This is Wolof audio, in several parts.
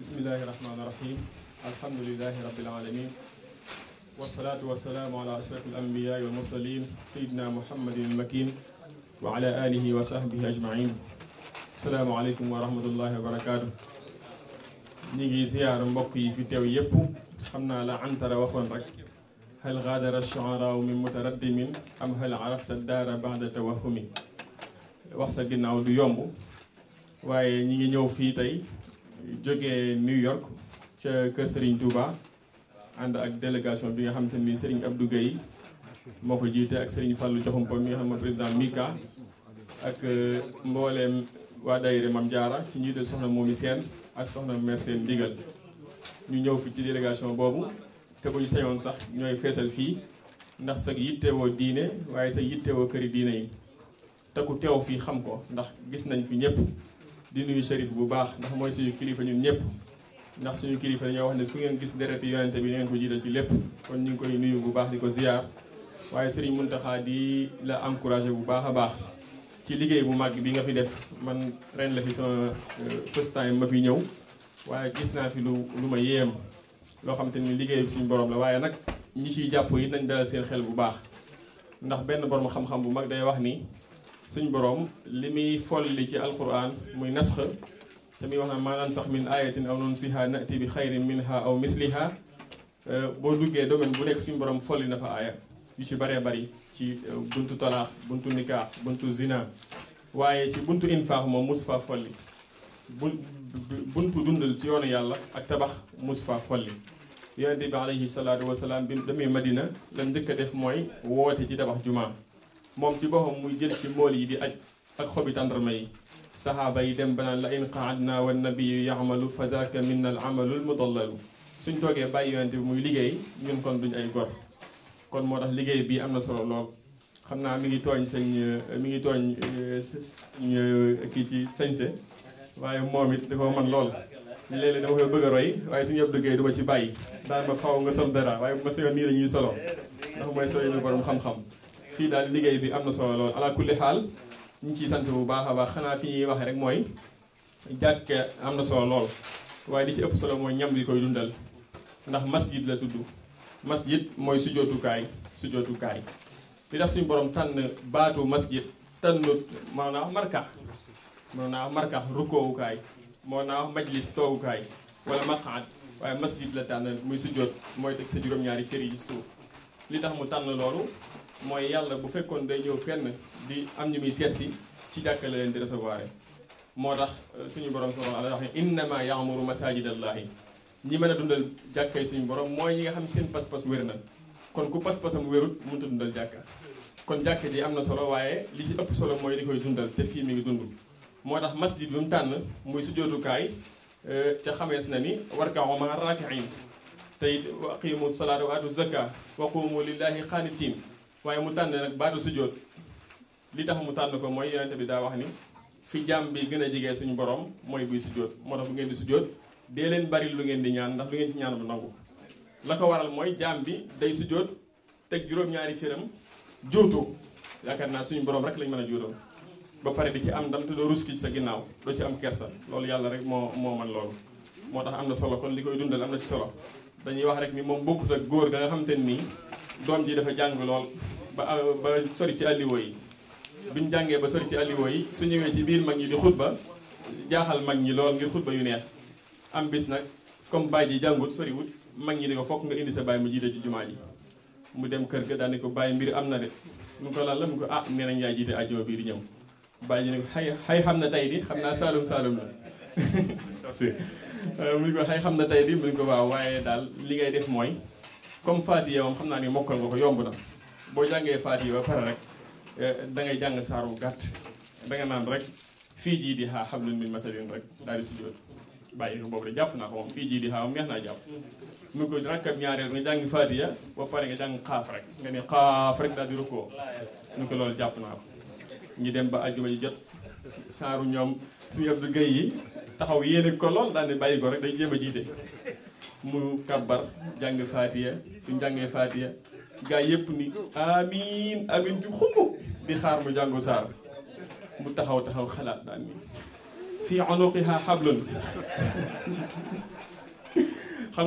bismillahi rahmaani rahim alhamdulilahi rabbil alamin wasalaatu wasalaamu ala ashraf al anbiyaai wal mursalin sayidina muhammadin al makin wa ala alihi wa sahbihi ajmain asalaamu aleykum wa rahmatullahi wa barakaatu ñi ngi ziyaar mbokk yi fi teew yépp xam naa la antara waxoon rek hal gaadara shuaraaw min mutaraddimin am hal arafta daara bada tawahumi wax sa ginnaaw du yomb waaye ñi ngi ñëw fii tey jóge New York ca kër sëriñ Touba ànd ak délégation bi nga xamante ni Serigne Abdou Gueye moo ko jiite ak Serigne Fallou Diakhoumpa mi nga xam ne président Mika ak euh, mbooleem waa daayira Mame jaara ci njiital soxna Momi seen ak soxna Mère Sène Ndigal ñu ñëw fi ci délégation boobu te bu sañoon sax ñooy feesal fii ndax sa yittewoo diine waaye sa yittewoo këri diine yi te ku teew fii xam ko ndax gis nañ fi ñëpp di nuyu shérif bu baax ndax mooy suñu kilifa ñun ñëpp ndax suñu kilifa ñoo wax ne fu ngeen gis deret yonente bi ngeen ko jiital ci lépp kon ñu ngi koy nuyu bu baax di ko ziar waaye Serigne Mountakha di la encouragé bu baax a baax ci liggéey bu mag bi nga fi def man ren la fi sama euh, first time ma fi ñëw waaye gis naa fi lu lu ma yéem loo xam te ni liggéey suñu borom la waaye nag ñi ciy jàpp yi nañ dalal seen xel bu baax ndax benn borom xam-xam bu mag day wax ni suñ boroom li muy folli ci alquran muy nasx te muy wax naa maanaan sax min ayatin aw nunsiha nati bi xayrin minha aw misliha euh, boo duggee domaine bu nekk suñ boroom folli na fa aaya yu ci bëree bëri ci euh, buntu talaax buntu nikaax buntu zina waaye ci buntu infaax moom mosu faa folli bu buntu dundal ci yoonu yàlla ak tabax mosu faa folli yonente bi alayhi salaatu wasalaam bi demee madina lan njëkk def mooy woote ci tabax jumaa moom ci boppam muy jël ci mool yi di aj ak xobi tàndarma yi saxaaba yi dem banaan la in qaadna wa nabiyu yamalu fa daka minna al amalul mudallalu suñ toogee bàyyi yonente bi muy liggéey ñun kon duñ ay gor kon moo tax liggéey bii am na solo lool xam naa mi ngi tooñ sëñ mi ngi tooñ euh, kii ci sañse waaye moom it dafa man lool léeg-léeg dama bëgg a roy waaye suñu yëpp duggee du ma ci bàyyi daan ma faw nga sol dara waaye bu ma seyoon nii la solo ndax mooy solo mi borom xam-xam fii daal liggéey bi am na soo lool ala kulli xaal ñu ciy sant bu baax a baax xanaa fi ñuy waxee rek mooy jàkk am na solo lool waaye li ci ëpp solo mooy ñam bi koy dundal ndax masjid la tudd masjid mooy sujjootukaay sujjootukaay li tax suñu borom tànn baatu masjid tànnut mën naa wax markax mën naa wax markax rukkoowukaay moo naa wax majlis toowukaay wala maqaad waaye masjid la tànn muy sujjoot mooy teg sa juróom-ñaari cër yi suuf li tax mu tànn loolu mooy yàlla bu fekkoon day ñëw fenn di am ñu muy seet si ci jàkkale leen di recevoir moo tax euh, suñu borom subhanahu wa taala wax ne innama ya'muru masajidallahi ñi mën a dundal jàkkay suñu borom mooy ñi nga xam seen pas-pas wér na kon ku pas-pasam wérut mun a dundal jàkka kon jàkka ji am na solo waaye li ci ëpp solo mooy di koy dundal te fii mi ngi dund moo tax masjid bi mu tànn muy sujootukaay euh, te xamees na ni warka'u ma'a raaki'iin a it wa aqimu salaata wa aatu zaka wa qumu lillahi qaanitiin waaye mu tànn nag baatu sujjóot li tax mu tànn ko mooy yonente bi daa wax ni fi jàmm bi gën a jege suñu boroom mooy buy sujjóot moo tax bu ngeen di sujjóot dee leen bari lu ngeen di ñaan ndax lu ngeen ci ñaan bu nangu la ko waral mooy jaam bi day sujjóot teg juróom-ñaari cëram juutu yaakaar naa suñu borom rek lañ mën a juutoo ba pare bi ci am ndam te doo sa ginnaaw doo ci am kersa loolu yàlla rek moo moo man loolu moo tax am na solo kon li koy dundal am na ci solo dañuy wax rek ni moom góor ga nga xam te nii doom ji dafa jàng lool ba ah, ba sori ci alliwo yi bi jàngee ba sori ci alliwo yi su ñëwee ci biir mag ñi di xutba jaaxal mag ñi lool ngir xutba yu neex am bis nag comme baay ji jàngut soriwut mag ñi ni ko fokk nga indi sa baay mu jiite ci jumaa ji mu dem kër ga daal ko bàyyi mbir am na de mu ko lan la mu ko ah nee nañ jiite ajjuma bii di ñëw bàyyi ji ne ko xay xay xam na tey di xam naa saalum saalum la euh, mu ni ko xay xam na tey di mu ni ko waaye daal li mooy comme Fatiha moom xam naa ni mokkal nga ko yomb na boo jàngee faat yi ba pare rek eh, da ngay jàng saaru gàtt da nga naan rek fii jii di xaa xablun min masadin rek daal di sujjóot bàyyi ko boobu de jàpp naa ko moom fii jii di xaa moom naa jàpp mu ngi ko rakkat ñaareel nga jàngi Fatiha ba pare nga jàng xaaf rek nga ne xaaf rek daal jàpp naa ko ñu dem ba àjjuma ji jot saaru ñoom suñu Abdou Guèye yi taxaw yéene ko lool daal ni bàyyi ko rek day jéem a jiite mu kàbbar jàng faatiya suñ jàngee faatiya gaa yëpp ni amin amin ju xumb di xaar mu jàngu saar mu taxaw taxaw xalaat daan ni fii onuqiha xam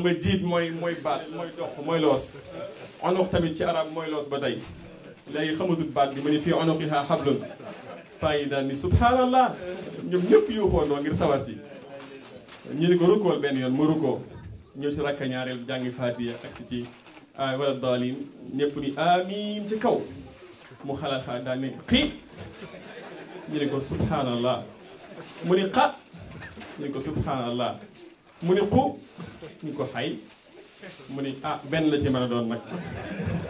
nga jiit mooy mooy baat mooy mooy loos tamit ci arab mooy loos ba tey léegi xamatut baat bi ma ni fii onuqiha xablun temps yi daan ni subhaanallah ñoom ñëpp yuuxoondoo ngir sawar ci ñu ni ko rukkool benn yoon mu rukkoo ñëw ci rakka ñaareel jàngi faatiya ak si ci ah, wala daalin ñëpp ni amiin ci kaw mu xalaat xaar daal ne xi ñu ne ko subhanallah mu ni ne ko subhanallah mu ni xu ñu ko xay mu ni ah benn la ci mën a doon nag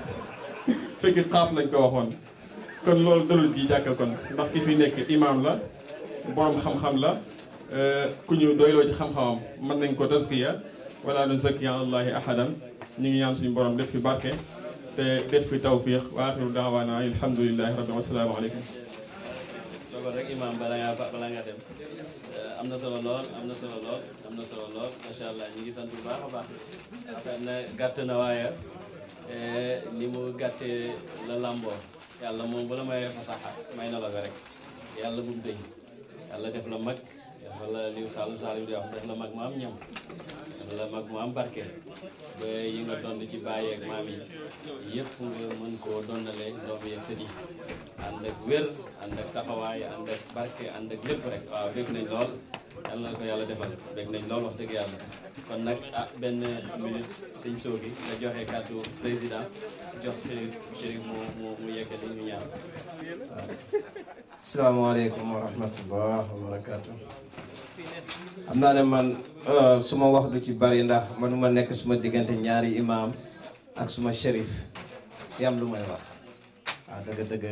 fekk xaaf lañ ko waxoon kon loolu dalul ji jàkka kon ndax ki fi nekk imaam la borom xam-xam la eh, ku ñu doyloo ci xam-xamam mën nañ ko taskiya wala nuzakki ala allahi ahadan ñu ngi ñaan suñu borom def fi barke te def fi tawfiq wa axiru daawaana alhamdulilahi rabbi wasalaamu aleykum toogal rek imaam bala ngaa bala dem eh, am na solo lool am na solo lool am na solo lool macha allah ñu ngi sant bu baax a baax na gàtt na waaye eh, ni mu gàttee la làmboo yàlla moom bu la fasaxa may na rek yàlla bu mu dëñ yàlla def la mag yàlla liw saalum saalum di wax def am ñam yàlla la mag mu am barke ba yi nga dond ci baay ak maam yi yëpp nga mën koo dondale doom yeeg sët yi ànd ak wér ànd ak taxawaay ànd ak barke ànd ak lépp rek waaw bég nañ lool yàlla na ko yàlla defal bég nañ lool wax dëgg yàlla kon nag ah benn minute sëñ Soogi nga joxe kàddu président jox Chérif Chérif mu mu mu yeggati ñu ñaan asalaamaaleykum wa rahmatullah wa barakaatu xam naa ne man euh, suma wax du ci bari ndax manuma nekk suma diggante ñaari imaam ak suma shérif yam lu may wax waaw ah, dëgg-dëgg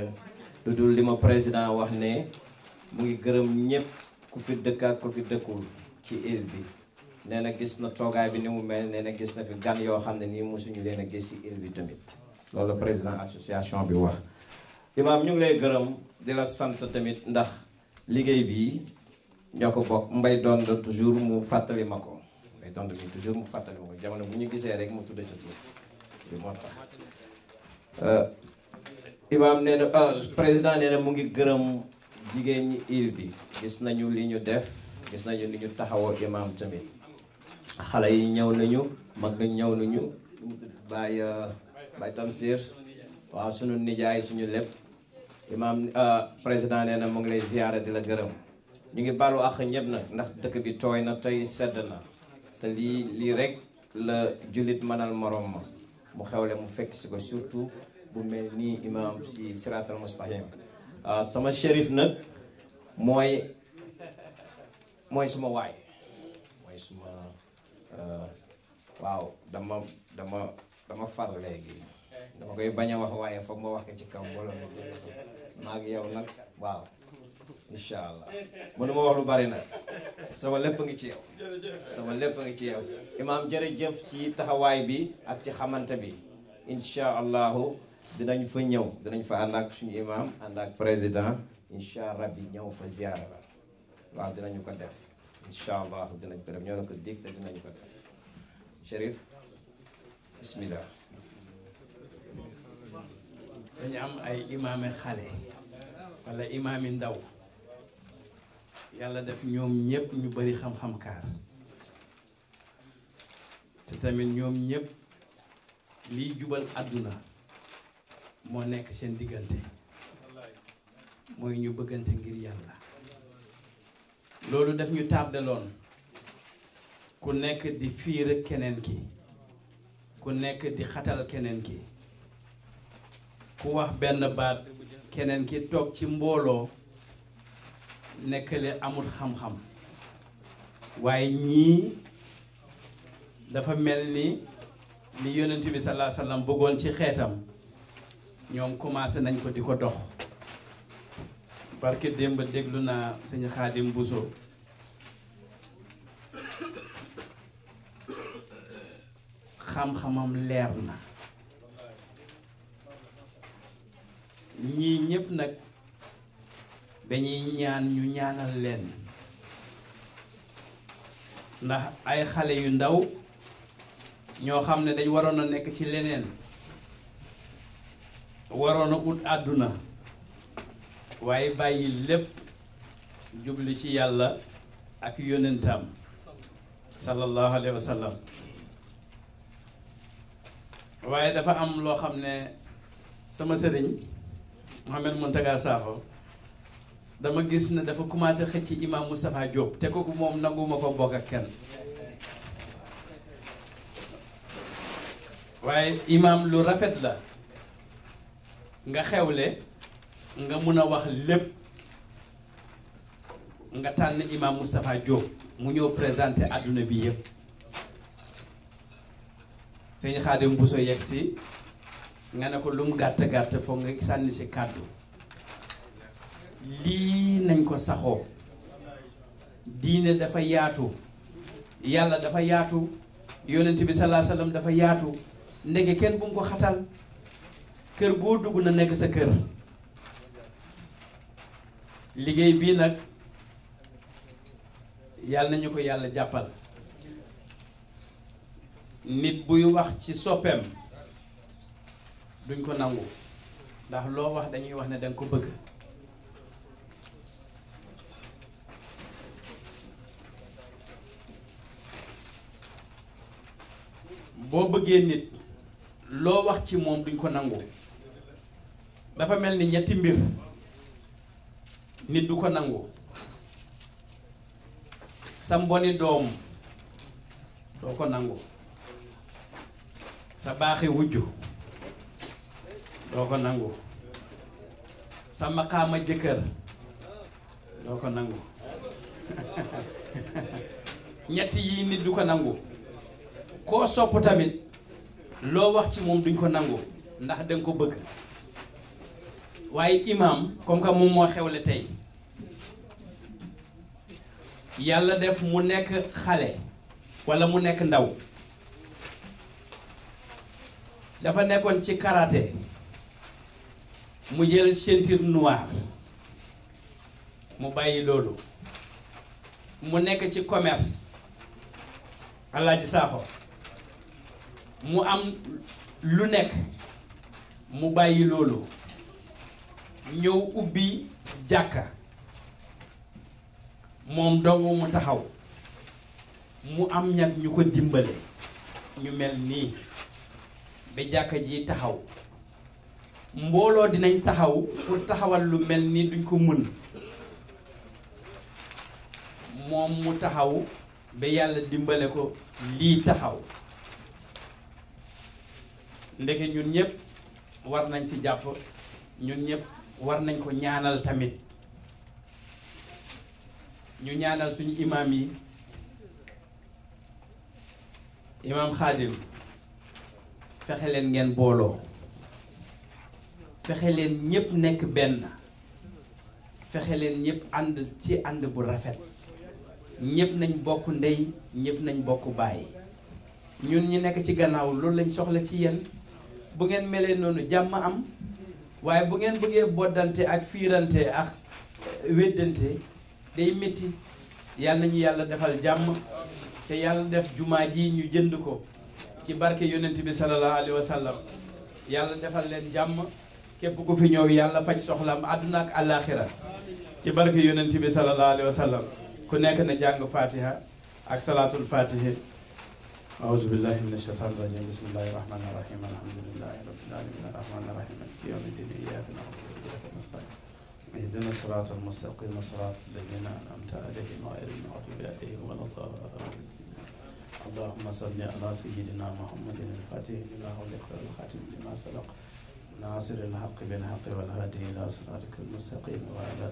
lu dul li ma président wax ne mu ngi gërëm ñëpp ku fi dëkk ak ku fi dëkkul ci île bi nee na gis na toogaay bi ni mu mel nee na gis na fi gan yoo xam ne nii suñu leen a gis ci île bi tamit loolu président association bi wax imaam ñu ngi lay gërëm di la sant tamit ndax liggéey bii ñoo ko bokk mbay dond toujours mu fàttali ma ko mbay dond mi toujours mu fàttali ma ko jamono bu ñu gisee rek mu tudde sa tur bi moo tax euh, imaam nee na euh, président nee mu ngi gërëm jigéen ñi il bi gis nañu li ñu def gis nañu li ñu taxawoo imaam tamit xale yi ñëw nañu mag nañ ñëw nañu bàyyi euh, bàyyi tamsiir waaw suñu nijaay suñu lépp imaam euh, président nee na mu ngi lay ziyaara di la gërëm ñu ngi baalu àq ñëpp nag ndax dëkk bi tooy na tey sedd na te lii lii rek la jullit mënal moroom ma mu xewle mu fekk si ko surtout bu mel nii imaam si siraatal mustaqim euh, sama shérif nag mooy mooy suma waay mooy suma euh, waaw dama dama dama far léegi dama koy bañ a wax waaye foog ma wax ko ci kaw mbooloo mi dégg ko maa ngi yow nag waaw allah mënu ma wax lu bari na sama lépp ngi ci yow sama lépp ngi ci yow imaam jërëjëf ci taxawaay bi ak ci xamante bi incha allahu dinañ fa ñëw dinañ fa ànd ak suñu imaam ànd ak président incha rabbi ñëw fa ziara la waaw dinañu ko def incha allahu dinañ ko def ñoo la ko dig te ko def Chérif bismillah nañu am ay imaame xale wala imaami ndaw yàlla def ñoom ñëpp ñu bari xam-xam kaar te tamit ñoom ñépp liy jubal àdduna moo nekk seen diggante mooy ñu bëggante ngir yàlla loolu daf ñu tàrdeloon ku nekk di fiir keneen ki ku nekk di xatal keneen ki ku wax benn baat keneen ki toog ci mbooloo nekk nekkale amul xam-xam waaye ñii dafa mel ni li yonent bi salaa sallam bëggoon ci xeetam ñoom commencé nañ ko di ko dox parce que démb déglu naa sëñ Xaadim Buso xam-xamam leer na ñii ñépp nag dañuy ñaan ñu ñaanal leen ndax ay xale yu ndaw ñoo xam ne dañ waroon a nekk ci leneen waroon a ut àdduna waaye bàyyi lépp jublu ci yàlla ak yonentam sallallahu alayhi wa waaye dafa am loo xam ne sama sëriñ Mouhamed Mountaga Sakho dama gis ne dafa commencé xëcc imaam Moustapha Diop te kooku moom nanguma ko bokk ak kenn waaye imam lu rafet la nga xewle nga mun a wax lépp nga tànn imam Moustapha Diop mu ñëw présente àdduna bi yëpp sëñ Xaadim Bousso yegg si nga ne ko lu mu gàtt gàtt foog nga sànni si kàddu lii nañ ko saxoo diine dafa yaatu yàlla dafa yaatu yonent bi salaa dafa yaatu ndege kenn bu mu ko xatal kër goo dugg na nekk sa kër liggéey bii nag yàlla nañu ko yàlla jàppal nit buy wax ci soppeem duñ ko nangu ndax loo wax dañuy wax ne danga ko bëgg boo bëggee nit loo wax ci moom duñ ko nangu dafa mel ni ñetti mbir nit du ko nangu sa mboni doom doo ko nangu sa baaxi wujju doo ko nangu sa maqaama jëkkër doo ko nangu ñetti yii nit du ko nangu koo sopp tamit loo wax ci moom duñ ko nangu ndax danga ko bëgg waaye imaam comme que moom moo xewle tey yàlla def mu nekk xale walla mu nekk ndaw dafa nekkoon ci karaté mu jël ceinture noire mu bàyyi loolu mu nekk ci commerce Alaaji Saaxo mu am lu nekk mu bàyyi loolu ñëw ubbi jàkka moom dong mu taxaw mu am ñag ñu ko dimbale ñu mel nii ba jàkka ji taxaw mbooloo dinañ taxaw pour taxawal lu mel ni duñ ko mën moom mu taxaw ba yàlla dimbale ko lii taxaw ndeke ñun ñëpp war nañ ci jàpp ñun ñëpp war nañ ko ñaanal tamit ñu ñaanal suñu imaam yi imaam xaadim fexe leen ngeen booloo fexe leen ñëpp nekk benn fexe leen ñëpp ànd ci ànd bu rafet ñëpp nañ bokk ndey ñëpp nañ bokk bàyyi ñun ñi nekk ci gannaaw loolu lañ soxla ci yéen bu ngeen melee noonu jàmm am waaye bu ngeen bëggee boddante ak fiirante ak weddante day métti yàlla nañu yàlla defal jàmm te yàlla def jumaa ji ñu jënd ko ci barke yonent bi sallallahu alayhi sallam yàlla defal leen jàmm képp ku fi ñëw yàlla faj soxlam àdduna ak àllaaxira ci barke yonent bi sallallahu alayhi wa sallam ku nekk na jàng fatiha ak salaatul fatihi أعوذ بالله من الشيطان الرجيم بسم الله الرحمن الرحيم الحمد لله رب العالمين الرحمن الرحيم مالك يوم الدين إياك نعبد وإياك نستعين اهدنا الصراط المستقيم صراط الذين أنعمت عليهم غير المغضوب عليهم ولا الضالين اللهم صل على سيدنا محمد الفاتح لما أغلق والخاتم لما سبق ناصر الحق بالحق والهادي إلى صراطك المستقيم وعلى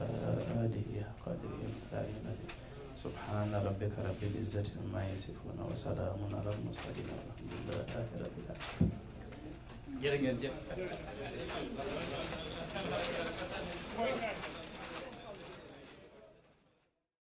آله حق قدره ومقداره العظيم سبحان ربك رب العزة عما يصفون وسلام على المرسلين والحمد لله رب العالمين jërë ngeen jëf